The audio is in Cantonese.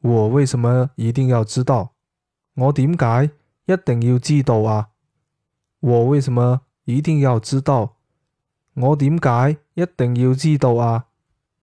我為什麼一定要知道？我點解一定要知道啊？我為什麼一定要知道？我點解一定要知道啊？